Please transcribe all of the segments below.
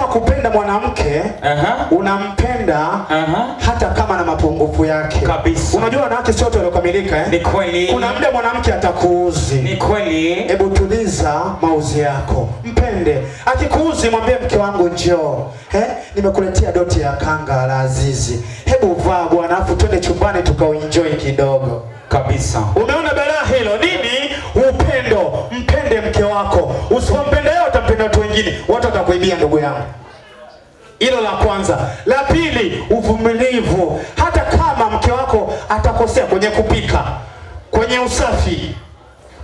Ukisema kupenda mwanamke uh-huh. unampenda uh-huh. hata kama na mapungufu yake kabisa. Unajua wanawake sio wote waliokamilika eh? Ni kweli. Kuna muda mwanamke atakuuzi. Ni kweli. Hebu tuliza mauzi yako, mpende. Akikuuzi mwambie, mke wangu njoo, eh, nimekuletea doti ya kanga la Azizi, hebu vaa bwana, afu twende chumbani tukauenjoy kidogo kabisa. Umeona balaa hilo nini? Upendo, mpende mke wako, usipompende wengine, watu watakuibia ndugu yangu. Hilo la kwanza. La pili, uvumilivu. Hata kama mke wako atakosea kwenye kupika, kwenye usafi,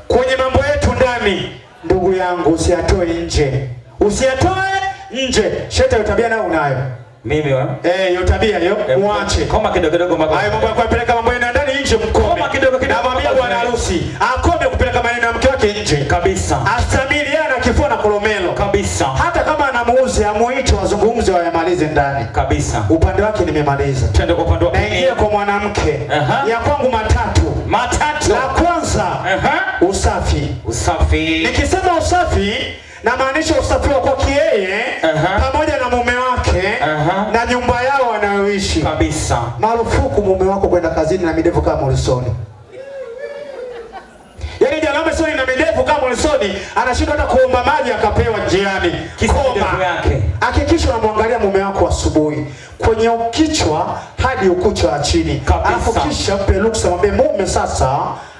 kwenye mambo yetu ndani, ndugu yangu, usiyatoe nje, usiyatoe nje. Shetani tabia nayo unayo. Mimi wa? Eh, hiyo tabia hiyo muache. Koma kidogo kidogo mako. Hayo mambo ya kupeleka mambo yenu ndani nje mkome. Koma kidogo kidogo. Namwambia bwana harusi, akome kupeleka maneno ya mke wake nje kabisa. Asamiliana kifua na kolomelo kabisa. Hata kama anamuuzi amuite wazungumze wayamalize ndani kabisa. Upande wake nimemaliza. Twende kwa upande wake. Naingia kwa mwanamke. Ya kwangu matatu. Matatu. La kwanza. Uh -huh. Usafi. Usafi. Nikisema usafi na maanisha wa kwake yeye pamoja na mume wake na nyumba yao wanayoishi kabisa. Marufuku mume wako kwenda kazini na midevu kama Morrisoni. Yaani jana amesema na midevu kama Morrisoni anashindwa hata kuomba maji akapewa njiani. Koma yake. Hakikisha unamwangalia mume wako asubuhi kwenye ukichwa hadi ukucha wa chini. Alafu kisha mpe ruksa, mwambie mume, sasa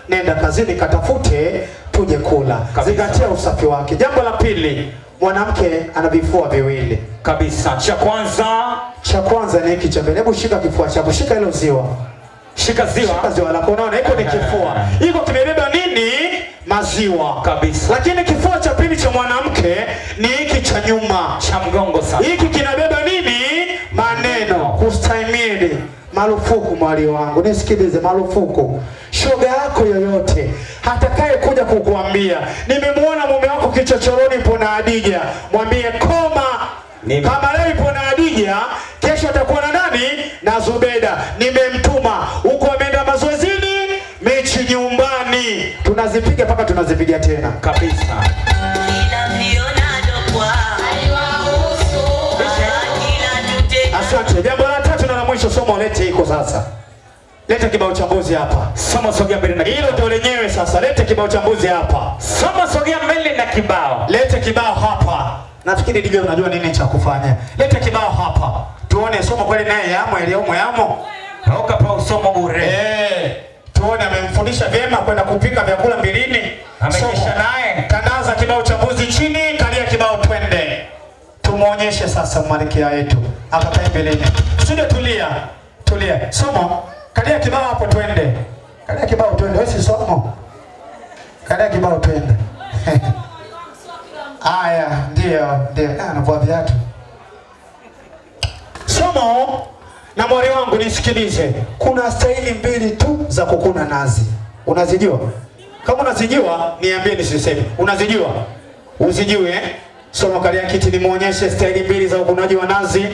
nenda kazini katafute tuje kula. Zingatia usafi wake. Jambo la pili, mwanamke ana vifua viwili kabisa. Cha kwanza, cha kwanza ni hiki cha mbele. Hebu shika kifua chako, shika hilo ziwa, shika ziwa, shika ziwa lako. Unaona iko ni kifua, hiko kimebeba nini? Maziwa kabisa. Lakini kifua cha pili cha mwanamke ni hiki cha nyuma, cha mgongo sana. Hiki kinabeba nini? Maneno, kustahimili marufuku mwali wangu, nisikilize, marufuku. Shoga yako yoyote hatakaye kuja kukuambia nimemuona mume wako kichochoroni ipo na Adija, mwambie koma. Nime. Kama leo ipo na Adija, kesho atakuwa na nani? Na Zubeda. Nimemtuma huko, ameenda mazoezini, mechi nyumbani, tunazipiga mpaka tunazipiga tena kabisa. Soma lete iko sasa. Lete kibao cha mbuzi hapa. Soma sogea mbele na kibao. Hilo ndio lenyewe sasa. Lete kibao cha mbuzi hapa. Soma sogea mbele na kibao. Lete kibao hapa. Nafikiri ndivyo unajua nini cha kufanya. Lete kibao hapa. Tuone soma kweli naye yamo elimu yamo. Hauka pa usomo bure. Eh. Tuone amemfundisha vyema kwenda kupika vyakula mbilini. Amekesha naye. Tandaza kibao cha mbuzi chini tumuonyeshe sasa malkia yetu, akakae mbeleni. Usije tulia, tulia. Somo, kalia kibao hapo twende. Kalia kibao twende, wewe si somo. Kalia kibao twende. Aya, ndio, ndio. Ah, anavua viatu. Somo na mwari wangu nisikilize. Kuna staili mbili tu za kukuna nazi. Unazijua? Kama unazijua niambie nisiseme. Unazijua? Usijue. Eh? Soma Kariakiti nimuonyeshe staili mbili za uvunaji wa nazi.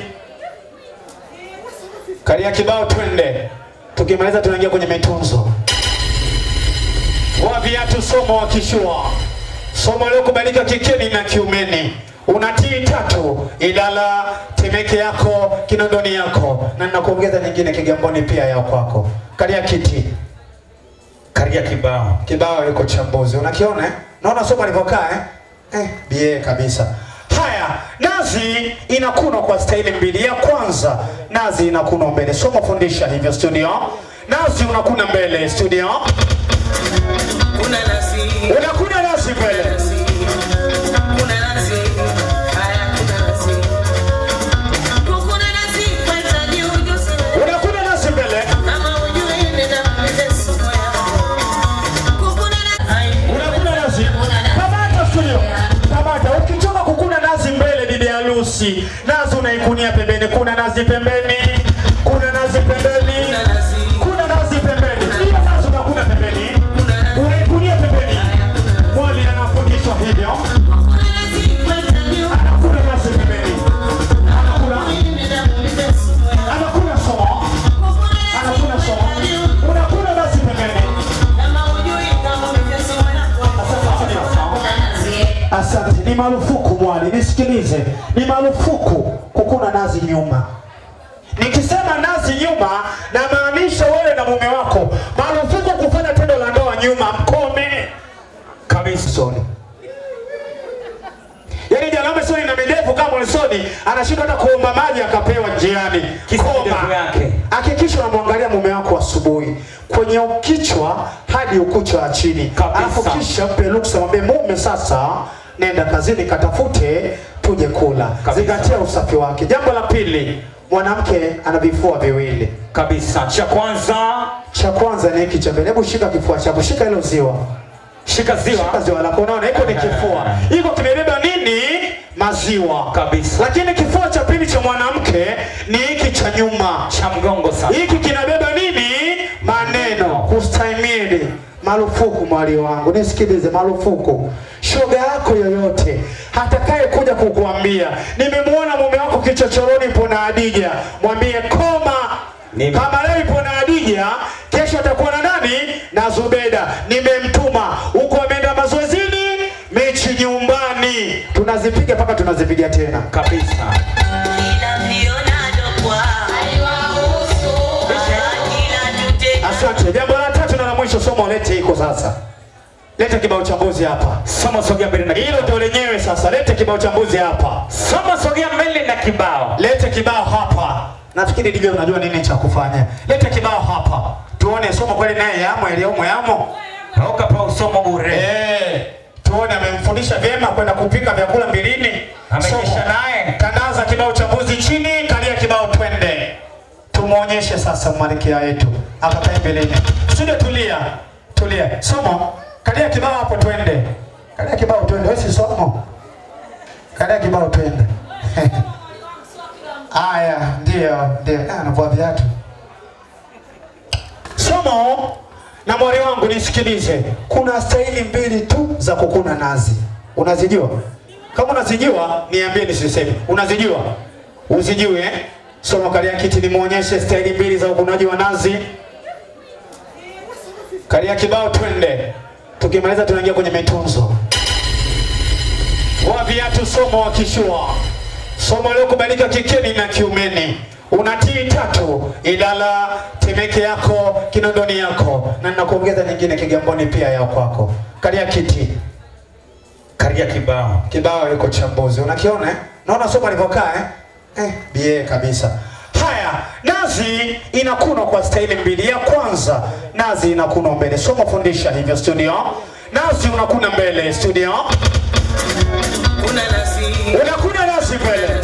Kalia kibao twende. Tukimaliza tunaingia kwenye mitunzo. Wa viatu somo wa kishua. Somo leo kubalika kikeni na kiumeni. Unatii tatu Ilala, Temeke yako, Kinondoni yako na ninakuongeza nyingine Kigamboni pia ya kwako. Kalia kiti. Kalia kibao. Kibao yuko chambuzi. Unakiona eh? Naona somo alivyokaa eh? eh, bie kabisa. Haya, nazi inakunwa kwa staili mbili. Ya kwanza nazi inakunwa mbele, soma fundisha hivyo studio. Nazi unakuna mbele studio, kuna nazi nazi nazi unaikunia pembeni, kuna nazi pembeni Asante. Ni marufuku mwali, nisikilize, ni marufuku kukuna nazi nyuma. Nikisema nazi nyuma, namaanisha wewe na mume wako, marufuku kufanya tendo la ndoa nyuma, mkome kabisa. Sorry, yaani jana soni na midevu kama Wilson anashindwa hata kuomba maji akapewa njiani. Koma yake, hakikisha unamwangalia mume wako asubuhi kwenye ukichwa hadi ukucha wa chini, alafu kisha mpe ruksa, mwambie mume, sasa nenda kazini, katafute tuje kula. Zingatia usafi wake. Jambo la pili, mwanamke ana vifua viwili kabisa. Cha kwanza, cha kwanza ni hiki cha mbele. Hebu shika kifua chako, shika ile uziwa, shika ziwa, shika ziwa lako. Unaona iko ni kifua, iko kimebeba nini? Maziwa kabisa. Lakini kifua cha pili cha mwanamke ni hiki cha nyuma, cha mgongo sana. Hiki kinabeba nini? Maneno, kustahimili Marufuku mwali wangu, nisikilize, marufuku. Shoga yako yoyote hatakaye kuja kukuambia nimemwona mume wako kichochoroni ipo na Hadija, mwambie koma. Nime. Kama leo ipo na Hadija, kesho atakuwa na nani? Na Zubeda. Nimemtuma huko, ameenda mazoezini, mechi nyumbani, tunazipiga mpaka tunazipiga tena kabisa. Asante somo lete iko sasa. Lete kibao cha mbuzi hapa. Soma sogea mbele na hilo ndio lenyewe sasa. Lete kibao cha mbuzi hapa. Soma sogea mbele na kibao. Lete kibao hapa. Nafikiri DJ unajua nini cha kufanya. Lete kibao hapa. Tuone soma kweli naye yamo yamo yamo. Toka pa usomo bure. Eh. Tuone amemfundisha vyema kwenda kupika vyakula mbilini. Amekisha naye. Tandaza kibao cha mbuzi chini, kalia kibao twende. Tumuonyeshe sasa mwelekeo yetu. Hapa pembeleni. Shida, tulia tulia. Somo kalia kibao hapo, twende kalia kibao, twende wewe, si somo kalia kibao, twende Aya, Ndio ndio, Ah, anavua viatu. Somo na mwari wangu, nisikilize. Kuna staili mbili tu za kukuna nazi, unazijua? Kama unazijua niambie, nisiseme. Unazijua? Usijue? eh? Somo kalia kiti, nimuonyeshe staili mbili za ukunaji wa nazi. Karia kibao twende, tukimaliza tunaingia kwenye mitunzo. Wa viatu, somo wa kishua, somo liokubalika kikeni na kiumeni. Unatii tatu: idala Temeke yako, Kinondoni yako, na ninakuongeza nyingine Kigamboni pia ya kwako. Karia kiti, karia kibao, kibao yuko chambuzi. Unakiona eh? Naona somo alivyokaa eh? Eh, bie kabisa haya nazi inakunwa kwa staili mbili. Ya kwanza nazi inakunwa mbele, somo mafundisha hivyo studio. Nazi unakuna mbele studio, unakuna nazi mbele